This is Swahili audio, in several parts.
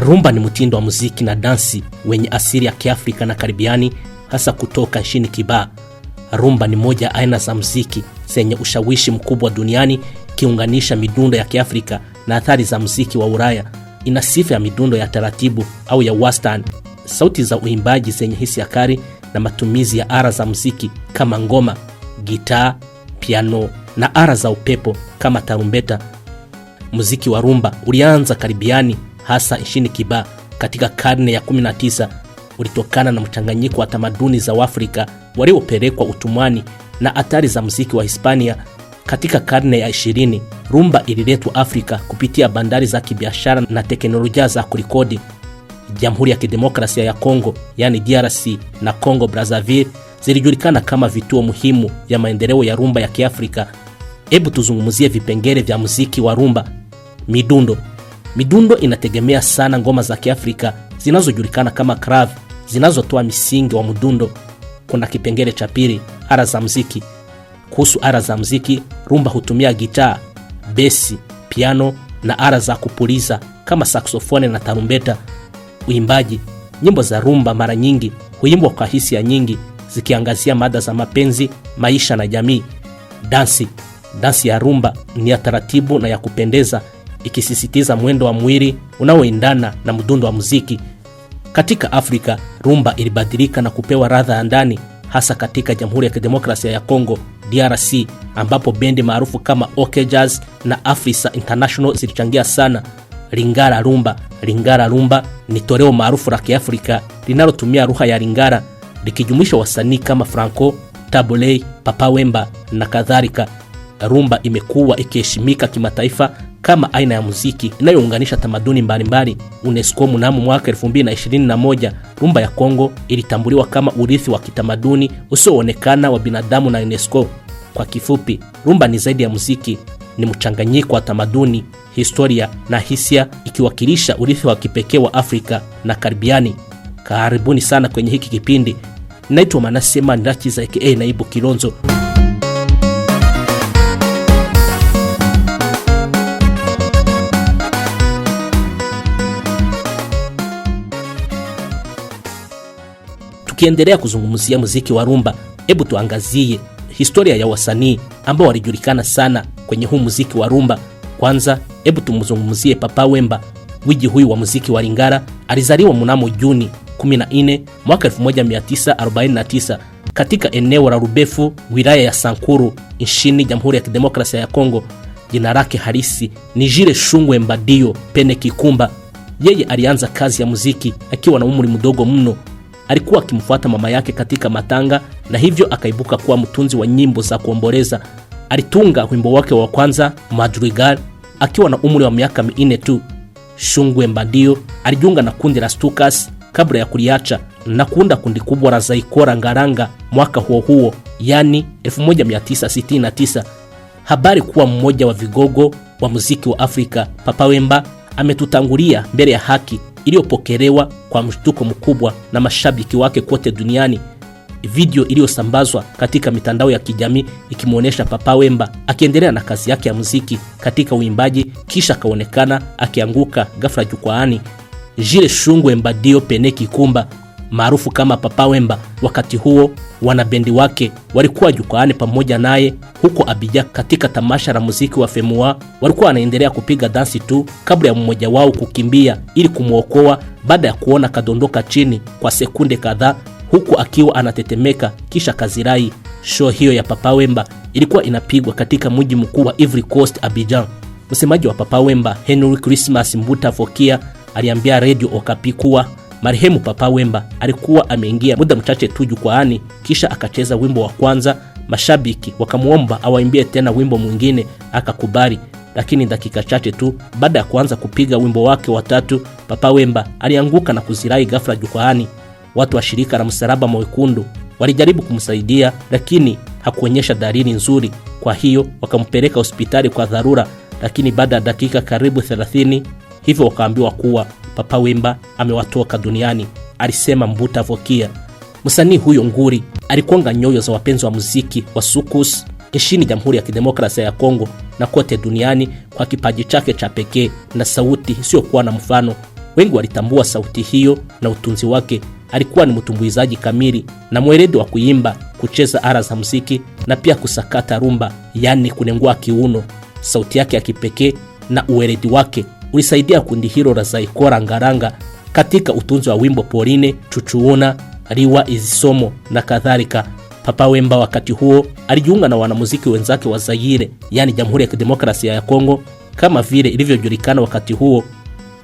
Rumba ni mtindo wa muziki na dansi wenye asili ya Kiafrika na Karibiani, hasa kutoka nchini Kiba. Rumba ni moja ya aina za muziki zenye ushawishi mkubwa duniani, kiunganisha midundo ya Kiafrika na athari za muziki wa Ulaya. Ina sifa ya midundo ya taratibu au ya wastani, sauti za uimbaji zenye hisia kali na matumizi ya ara za muziki kama ngoma, gitaa, piano na ara za upepo kama tarumbeta. Muziki wa rumba ulianza Karibiani hasa nchini Kiba katika karne ya 19 ulitokana na mchanganyiko wa tamaduni za Waafrika waliopelekwa utumwani na athari za muziki wa Hispania. Katika karne ya 20 rumba ililetwa Afrika kupitia bandari za kibiashara na teknolojia za kurikodi. Jamhuri ya Kidemokrasia ya Kongo yani DRC na congo Brazzaville zilijulikana kama vituo muhimu vya maendeleo ya rumba ya Kiafrika. Hebu tuzungumzie vipengele vya muziki wa rumba: midundo Midundo inategemea sana ngoma za Kiafrika zinazojulikana kama krav zinazotoa misingi wa mdundo. Kuna kipengele cha pili, ara za mziki. Kuhusu ara za mziki, rumba hutumia gitaa, besi, piano na ara za kupuliza kama saksofone na tarumbeta. Uimbaji, nyimbo za rumba mara nyingi huimbwa kwa hisia nyingi zikiangazia mada za mapenzi, maisha na jamii. Dansi, dansi ya rumba ni ya taratibu na ya kupendeza ikisisitiza mwendo wa mwili unaoendana na mdundo wa muziki. Katika Afrika, rumba ilibadilika na kupewa ladha ya ndani, hasa katika Jamhuri ya Kidemokrasia ya Kongo DRC, ambapo bendi maarufu kama OK Jazz na Afrisa International zilichangia sana. Lingala rumba. Lingala rumba ni toleo maarufu la Kiafrika linalotumia lugha ya Lingala likijumuisha wasanii kama Franco Tabulei, Papa Wemba na kadhalika rumba imekuwa ikiheshimika kimataifa kama aina ya muziki inayounganisha tamaduni mbalimbali. UNESCO mnamo mwaka 2021 rumba ya Kongo ilitambuliwa kama urithi wa kitamaduni usioonekana wa binadamu na UNESCO. Kwa kifupi, rumba ni zaidi ya muziki, ni mchanganyiko wa tamaduni, historia na hisia, ikiwakilisha urithi wa kipekee wa Afrika na Karibiani. Karibuni sana kwenye hiki kipindi. Naitwa manasema Manirakiza aka eh, Naibu Kilonzo. Tukiendelea kuzungumzia muziki wa rumba, hebu tuangazie historia ya wasanii ambao walijulikana sana kwenye huu muziki wa rumba. Kwanza hebu tumzungumzie Papa Wemba, wiji huyu wa muziki wa lingara alizaliwa mnamo Juni 14 mwaka 1949 katika eneo la Rubefu, wilaya ya Sankuru, nchini Jamhuri ya Kidemokrasia ya Kongo. Jina lake harisi ni Jile Shungwe Mbadio Pene Kikumba. Yeye alianza kazi ya muziki akiwa na umri mdogo mno alikuwa akimfuata mama yake katika matanga na hivyo akaibuka kuwa mtunzi wa nyimbo za kuomboleza. Alitunga wimbo wake wa kwanza Madrigal akiwa na umri wa miaka minne tu. Shungwe Mbadio alijiunga na kundi la Stukas kabla ya kuliacha na kuunda kundi kubwa la Zaikora Ngaranga mwaka huo huo, yani 1969. Habari kuwa mmoja wa vigogo wa muziki wa Afrika, Papa Wemba ametutangulia mbele ya haki iliyopokelewa kwa mshtuko mkubwa na mashabiki wake kote duniani. Video iliyosambazwa katika mitandao ya kijamii ikimwonyesha Papa Wemba akiendelea na kazi yake ya muziki katika uimbaji, kisha akaonekana akianguka ghafla jukwaani. jile Shungwe Mbadio Pene Kikumba maarufu kama Papa Wemba. Wakati huo wanabendi wake walikuwa jukwaani pamoja naye huko abija katika tamasha la muziki wa Femua. Walikuwa wanaendelea kupiga dansi tu kabla ya mmoja wao kukimbia ili kumwokoa baada ya kuona kadondoka chini kwa sekunde kadhaa huku akiwa anatetemeka kisha kazirai. Show hiyo ya Papa Wemba ilikuwa inapigwa katika mji mkuu wa Ivory Coast, Abidjan. Msemaji wa Papa Wemba Henry Christmas Mbuta Fokia aliambia Radio Okapi kuwa Marehemu Papa Wemba alikuwa ameingia muda mchache tu jukwaani, kisha akacheza wimbo wa kwanza. Mashabiki wakamwomba awaimbie tena wimbo mwingine, akakubali, lakini dakika chache tu baada ya kuanza kupiga wimbo wake wa tatu, Papa Wemba alianguka na kuzirai ghafla jukwaani. Watu wa shirika la Msalaba Mwekundu walijaribu kumsaidia, lakini hakuonyesha dalili nzuri, kwa hiyo wakampeleka hospitali kwa dharura, lakini baada ya dakika karibu 30 hivyo wakaambiwa kuwa Papa Wemba amewatoka duniani, alisema Mbuta Vokia. Msanii huyo nguri alikonga nyoyo za wapenzi wa muziki wa sukus nchini Jamhuri ya Kidemokrasia ya Kongo na kote duniani kwa kipaji chake cha pekee na sauti isiyokuwa na mfano. Wengi walitambua sauti hiyo na utunzi wake. Alikuwa ni mtumbuizaji kamili na mweredi wa kuimba, kucheza ala za muziki na pia kusakata rumba, yani kunengua kiuno. Sauti yake ya kipekee na uweledi wake ulisaidia kundi hilo la Zaikora Ngaranga katika utunzi wa wimbo Pauline, Chuchuona, Liwa Izisomo na kadhalika. Papa Wemba wakati huo alijiunga na wanamuziki wenzake wa Zaire, yani Jamhuri ya Kidemokrasia ya Kongo, kama vile ilivyojulikana wakati huo.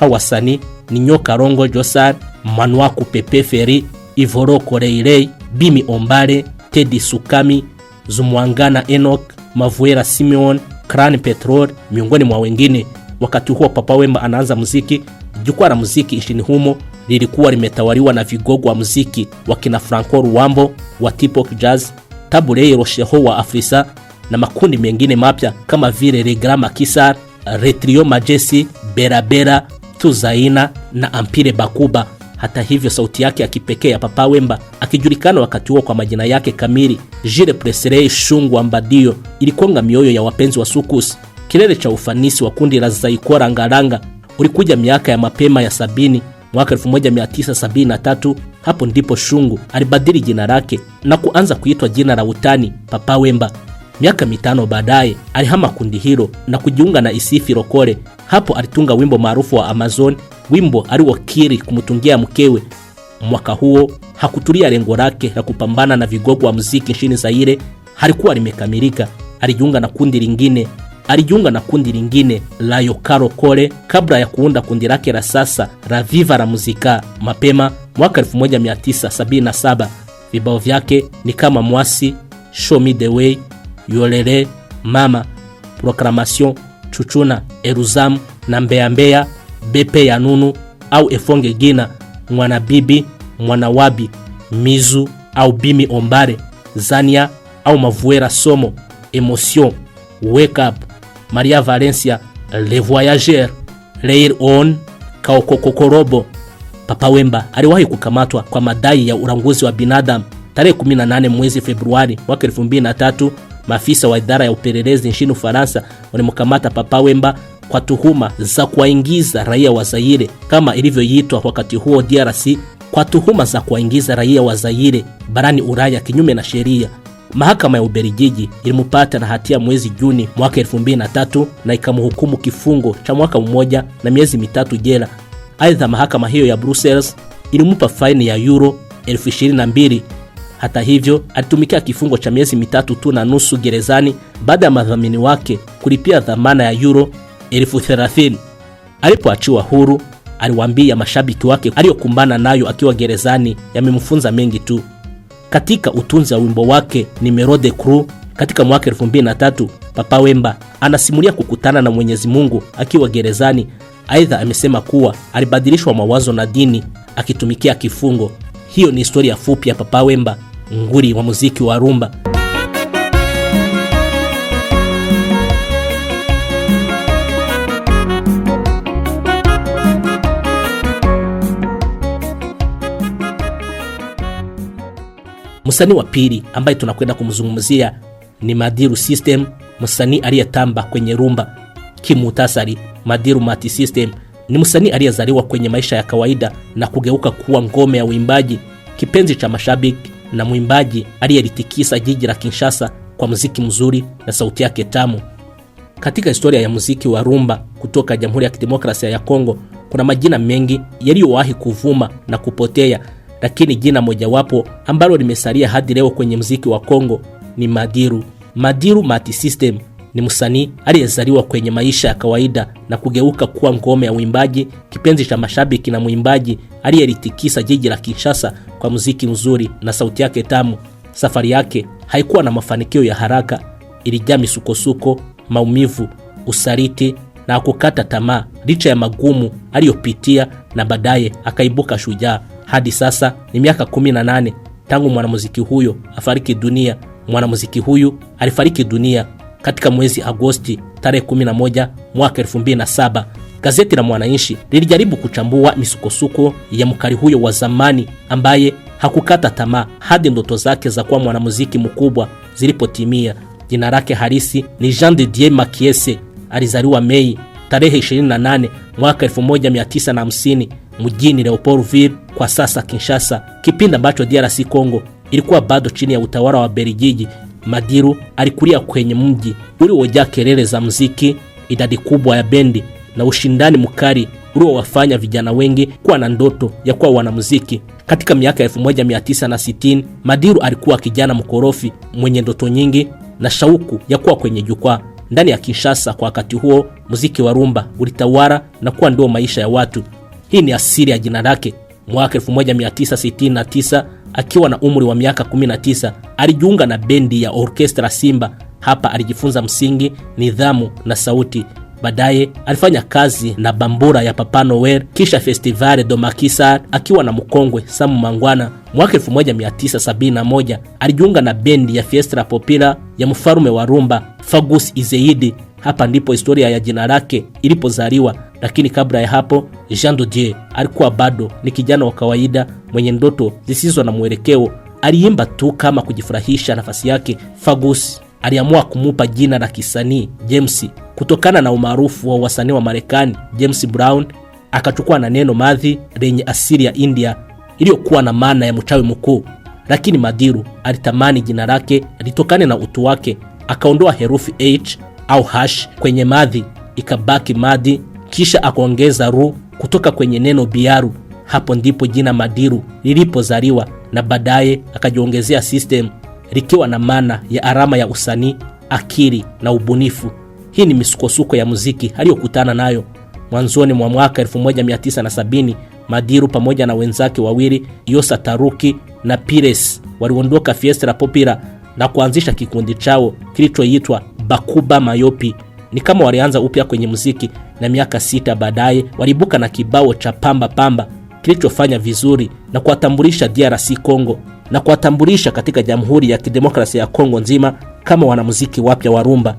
Hao wasanii ni Nyoka Rongo Josar Manwaku Pepe Feri, Ivoro Reirei, Bimi Ombare, Teddy Sukami, Zumwangana Enoch, Mavuera Simeon, Kran Petrol miongoni mwa wengine. Wakati huo Papa Wemba anaanza muziki, jukwaa la muziki nchini humo lilikuwa limetawaliwa na vigogo wa muziki wa kina Franco Ruambo wa Tipok Jazz, Tabuleye Rosheho wa Afrisa na makundi mengine mapya kama vile Regra Makisar, Retrio Majesi, Berabera, Tuzaina na Ampire Bakuba. Hata hivyo, sauti yake ya kipekee ya Papa Wemba, akijulikana wakati huo kwa majina yake kamili Jire Presley Shungwa Mbadio, ilikonga mioyo ya wapenzi wa sukusi. Kilele cha ufanisi wa kundi la Zaikwa Rangaranga ulikuja miaka ya mapema ya sabini, mwaka 1973. Hapo ndipo Shungu alibadili jina lake na kuanza kuitwa jina la utani Papa Wemba. Miaka mitano baadaye alihama kundi hilo na kujiunga na Isifi Lokole. Hapo alitunga wimbo maarufu wa Amazon, wimbo aliwokiri kumtungia mkewe. Mwaka huo hakutulia, lengo lake la kupambana na vigogo wa muziki nchini Zaire halikuwa limekamilika. Alijiunga na kundi lingine alijiunga na kundi lingine la Yokaro Kole kabla ya kuunda kundi lake la sasa la Viva la Muzika. Mapema mwaka 1977 vibao vyake ni kama Mwasi, Show Me the Way, Yolele, Mama, Proclamation, Chuchuna, Eruzamu na Mbea Mbea, Bepe ya Nunu au Efonge Gina, Mwana Bibi, Mwana Wabi, Mizu au Bimi Ombare, Zania au Mavuera Somo, Emotion, Wake Up Maria Valencia, Le Voyageur, Leir On, Kaokokokorobo. Papa Wemba aliwahi kukamatwa kwa madai ya ulanguzi wa binadamu tarehe 18 mwezi Februari mwaka 2003. Maafisa wa idara ya upelelezi nchini Ufaransa walimkamata Papa Wemba kwa tuhuma za kuwaingiza raia wa Zaire kama ilivyoitwa wakati huo DRC, kwa tuhuma za kuwaingiza raia wa Zaire barani Ulaya kinyume na sheria Mahakama ya Ubelgiji ilimupata na hatia mwezi Juni mwaka 2003 na ikamhukumu kifungo cha mwaka mmoja na miezi mitatu jela. Aidha, mahakama hiyo ya Brussels ilimpa faini ya euro 22 Hata hivyo, alitumikia kifungo cha miezi mitatu tu na nusu gerezani baada ya madhamini wake kulipia dhamana ya euro elfu Alipoachiwa huru, aliwaambia mashabiki wake aliyokumbana nayo akiwa gerezani yamemfunza mengi tu katika utunza wimbo wake ni de Crew katika mwaka 2003 Papa Wemba anasimulia kukutana na Mwenyezi Mungu akiwa gerezani. Aidha, amesema kuwa alibadilishwa mawazo na dini akitumikia kifungo. Hiyo ni historia fupi ya Papa Wemba, nguri wa muziki wa rumba. Msanii wa pili ambaye tunakwenda kumzungumzia ni Madiru System, msanii aliyetamba kwenye rumba. kimutasari. Madiru Mati System ni msanii aliyezaliwa kwenye maisha ya kawaida na kugeuka kuwa ngome ya uimbaji, kipenzi cha mashabiki na mwimbaji aliyelitikisa jiji la Kinshasa kwa muziki mzuri na sauti yake tamu. Katika historia ya muziki wa rumba kutoka Jamhuri ya Kidemokrasia ya Kongo kuna majina mengi yaliyowahi kuvuma na kupotea lakini jina mojawapo ambalo limesalia hadi leo kwenye mziki wa Kongo ni Madiru. Madiru Mati System ni msanii aliyezaliwa kwenye maisha ya kawaida na kugeuka kuwa ngome ya uimbaji, kipenzi cha mashabiki na mwimbaji aliyelitikisa jiji la Kinshasa kwa muziki mzuri na sauti yake tamu. Safari yake haikuwa na mafanikio ya haraka, ilijaa misukosuko, maumivu, usaliti na kukata tamaa, licha ya magumu aliyopitia, na baadaye akaibuka shujaa. Hadi sasa ni miaka 18 tangu mwanamuziki huyo afariki dunia. Mwanamuziki huyu alifariki dunia katika mwezi Agosti tarehe 11 mwaka 2007. Gazeti la Mwananchi lilijaribu kuchambua misukosuko ya mkali huyo wa zamani ambaye hakukata tamaa hadi ndoto zake za kuwa mwanamuziki mkubwa zilipotimia. Jina lake halisi ni Jean de Dieu Makiese. Alizaliwa Mei tarehe 28 mwaka 1950 mjini Leopoldville, kwa sasa Kinshasa, kipindi ambacho DRC Congo ilikuwa bado chini ya utawala wa Belgiji. Madiru alikulia kwenye mji uliojaa kelele za muziki, idadi kubwa ya bendi na ushindani mkali uliowafanya vijana wengi kuwa na ndoto ya kuwa wanamuziki. Katika miaka 1960 Madiru alikuwa kijana mkorofi mwenye ndoto nyingi na shauku ya kuwa kwenye jukwaa. Ndani ya Kinshasa kwa wakati huo, muziki wa rumba ulitawala na kuwa ndio maisha ya watu. Hii ni asili ya jina lake. Mwaka 1969 akiwa na umri wa miaka 19 alijiunga na bendi ya orkestra Simba. Hapa alijifunza msingi, nidhamu na sauti. Baadaye alifanya kazi na bambura ya Papa Noel, kisha Festivale do Makisa akiwa na mkongwe Samu Mangwana. Mwaka 1971 alijiunga na bendi ya Fiestra Popila ya mfarume wa rumba Fagus Izeidi. Hapa ndipo historia ya jina lake ilipozaliwa, lakini kabla ya hapo Jean Dodier alikuwa bado ni kijana wa kawaida mwenye ndoto zisizo na mwelekeo. Aliimba tu kama kujifurahisha nafasi yake. Fagus aliamua kumupa jina la kisanii James kutokana na umaarufu wa wasanii wa Marekani. James Brown akachukua na neno madhi lenye asili ya India iliyokuwa na maana ya mchawi mkuu, lakini Madiru alitamani jina lake litokane na utu wake. Akaondoa herufi H au hash kwenye madhi ikabaki madhi kisha akaongeza ru kutoka kwenye neno biaru. Hapo ndipo jina madiru lilipozaliwa na baadaye akajiongezea system likiwa na maana ya alama ya usanii, akili na ubunifu. Hii ni misukosuko ya muziki aliyokutana nayo mwanzoni mwa mwaka 1970. Madiru pamoja na wenzake wawili Yosa Taruki na Pires waliondoka Fiesta Popular na kuanzisha kikundi chao kilichoitwa Bakuba Mayopi ni kama walianza upya kwenye muziki na miaka sita baadaye walibuka na kibao cha Pamba Pamba kilichofanya vizuri na kuwatambulisha DRC Congo na kuwatambulisha katika Jamhuri ya Kidemokrasia ya Kongo nzima kama wanamuziki wapya wa rumba.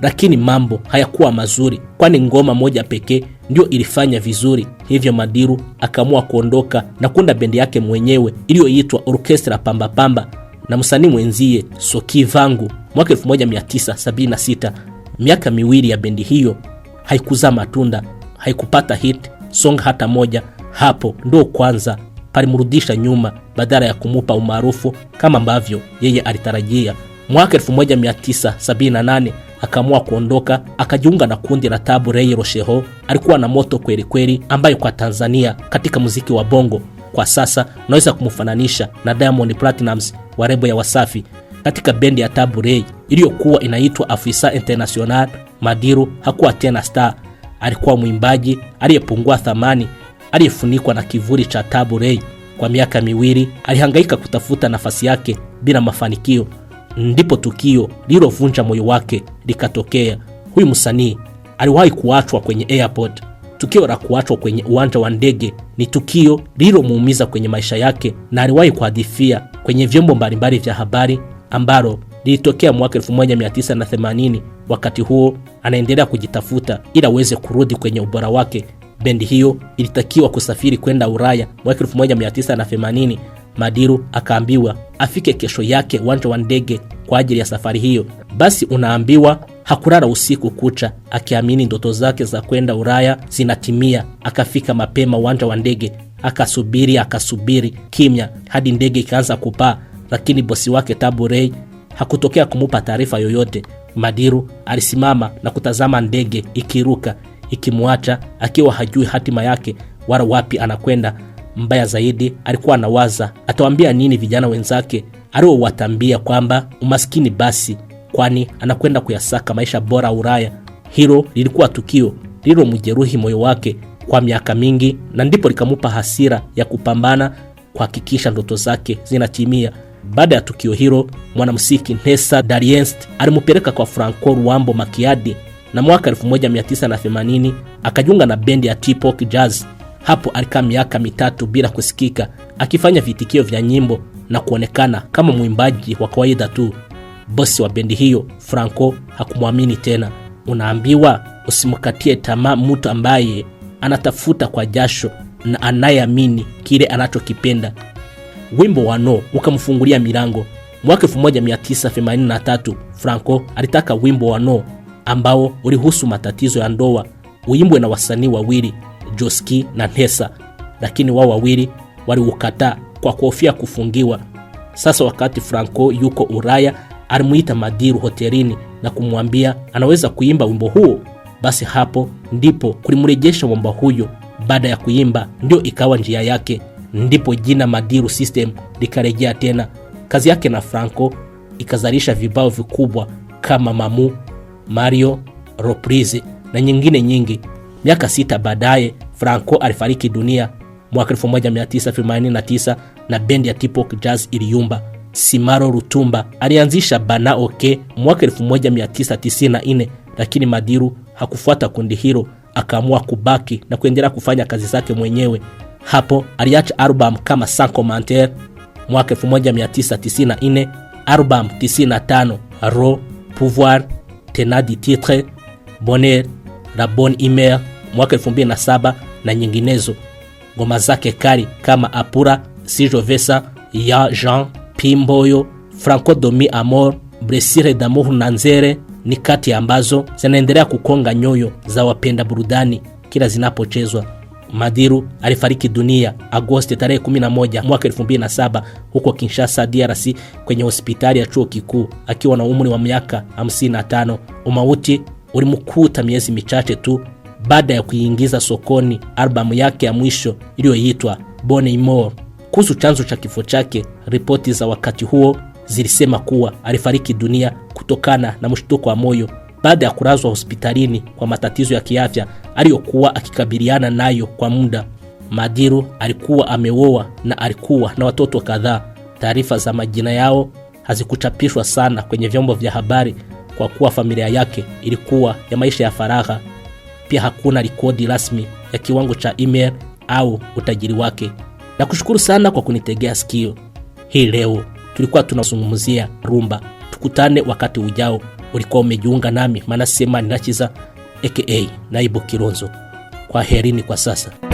Lakini mambo hayakuwa mazuri, kwani ngoma moja pekee ndio ilifanya vizuri. Hivyo Madiru akaamua kuondoka na kunda bendi yake mwenyewe iliyoitwa Orkestra Pamba Pamba na msanii mwenzie Soki Vangu. Mwaka 1976 miaka miwili ya bendi hiyo haikuzaa matunda, haikupata hit song hata moja. Hapo ndo kwanza palimrudisha nyuma, badala ya kumupa umaarufu kama ambavyo yeye alitarajia. Mwaka 1978 akaamua kuondoka, akajiunga na kundi la Tabu rei rosheho Alikuwa na moto kweli kweli, ambayo kwa Tanzania katika muziki wa bongo kwa sasa unaweza kumfananisha na Diamond platinums wa rebo ya Wasafi katika bendi ya Tabu Ley iliyokuwa inaitwa Afisa International. Madiru hakuwa tena star, alikuwa mwimbaji aliyepungua thamani, aliyefunikwa na kivuli cha Tabu Ley. Kwa miaka miwili alihangaika kutafuta nafasi yake bila mafanikio. Ndipo tukio lililovunja moyo wake likatokea. Huyu msanii aliwahi kuachwa kwenye airport. Tukio la kuachwa kwenye uwanja wa ndege ni tukio lililomuumiza kwenye maisha yake, na aliwahi kuhadithia kwenye vyombo mbalimbali vya habari ambalo lilitokea mwaka 1980. Wakati huo anaendelea kujitafuta ili aweze kurudi kwenye ubora wake. Bendi hiyo ilitakiwa kusafiri kwenda Ulaya mwaka 1980. Madiru akaambiwa afike kesho yake uwanja wa ndege kwa ajili ya safari hiyo. Basi unaambiwa hakulala usiku kucha, akiamini ndoto zake za kwenda Ulaya zinatimia. Akafika mapema uwanja wa ndege, akasubiri akasubiri kimya hadi ndege ikaanza kupaa lakini bosi wake Tabu Rey hakutokea kumupa taarifa yoyote. Madiru alisimama na kutazama ndege ikiruka, ikimwacha akiwa hajui hatima yake wala wapi anakwenda. Mbaya zaidi, alikuwa anawaza atawaambia nini vijana wenzake aliowatambia kwamba umaskini basi, kwani anakwenda kuyasaka maisha bora Ulaya. Hilo lilikuwa tukio lililomjeruhi moyo wake kwa miaka mingi, na ndipo likamupa hasira ya kupambana kuhakikisha ndoto zake zinatimia. Baada ya tukio hilo, mwanamuziki Ntesa darienst alimupeleka kwa Franco Luambo Makiadi na mwaka 1980 akajiunga na bendi ya t Jazz. Hapo alikaa miaka mitatu bila kusikika, akifanya vitikio vya nyimbo na kuonekana kama mwimbaji wa kawaida tu. Bosi wa bendi hiyo Franco hakumwamini tena. Unaambiwa usimkatie tamaa mtu ambaye anatafuta kwa jasho na anayeamini kile anachokipenda wimbo wa No ukamfungulia milango. Mwaka 1983 Franco alitaka wimbo wa No ambao ulihusu matatizo ya ndoa uimbwe na wasanii wawili Joski na Ntesa, lakini wao wawili waliukataa kwa kuhofia kufungiwa. Sasa wakati Franco yuko Ulaya, alimuita Madiru hotelini na kumwambia anaweza kuimba wimbo huo. Basi hapo ndipo kulimrejesha mwamba huyo. Baada ya kuimba, ndio ikawa njia yake ndipo jina Madiru System likarejea tena. Kazi yake na Franco ikazalisha vibao vikubwa kama Mamu, Mario, roprize na nyingine nyingi. Miaka sita baadaye Franco alifariki dunia mwaka 1989 na bendi ya Tipok Jazz iliyumba. Simaro Lutumba alianzisha Bana Ok mwaka 1994, lakini Madiru hakufuata kundi hilo, akaamua kubaki na kuendelea kufanya kazi zake mwenyewe. Hapo aliacha album kama Sanko Mantel mwaka 1994, album 95 Ro Pouvoir, Tenadi Titre, Bonheur, La Bonne Humeur mwaka 2007 na nyinginezo. Ngoma zake kali kama Apura, Sijovesa, Ya Jean, Pimboyo, Franco Domi Amor, Blessure Damour na Nzere ni kati ambazo zinaendelea kukonga nyoyo za wapenda burudani kila zinapochezwa. Madiru alifariki dunia Agosti tarehe 11 mwaka 2007 huko Kinshasa, DRC, kwenye hospitali ya chuo kikuu akiwa na umri wa miaka 55. Umauti ulimkuta miezi michache tu baada ya kuingiza sokoni albamu yake ya mwisho iliyoitwa Boney More. Kuhusu chanzo cha kifo chake, ripoti za wakati huo zilisema kuwa alifariki dunia kutokana na mshtuko wa moyo baada ya kulazwa hospitalini kwa matatizo ya kiafya aliyokuwa akikabiliana nayo kwa muda. madiru alikuwa ameoa na alikuwa na watoto kadhaa. Taarifa za majina yao hazikuchapishwa sana kwenye vyombo vya habari kwa kuwa familia yake ilikuwa ya maisha ya faragha. Pia hakuna rekodi rasmi ya kiwango cha email au utajiri wake. Nakushukuru sana kwa kunitegea sikio. Hii leo tulikuwa tunazungumzia rumba. Tukutane wakati ujao. Ulikuwa umejiunga nami Manase Manirakiza aka naibu Kilonzo. Kwaherini kwa sasa.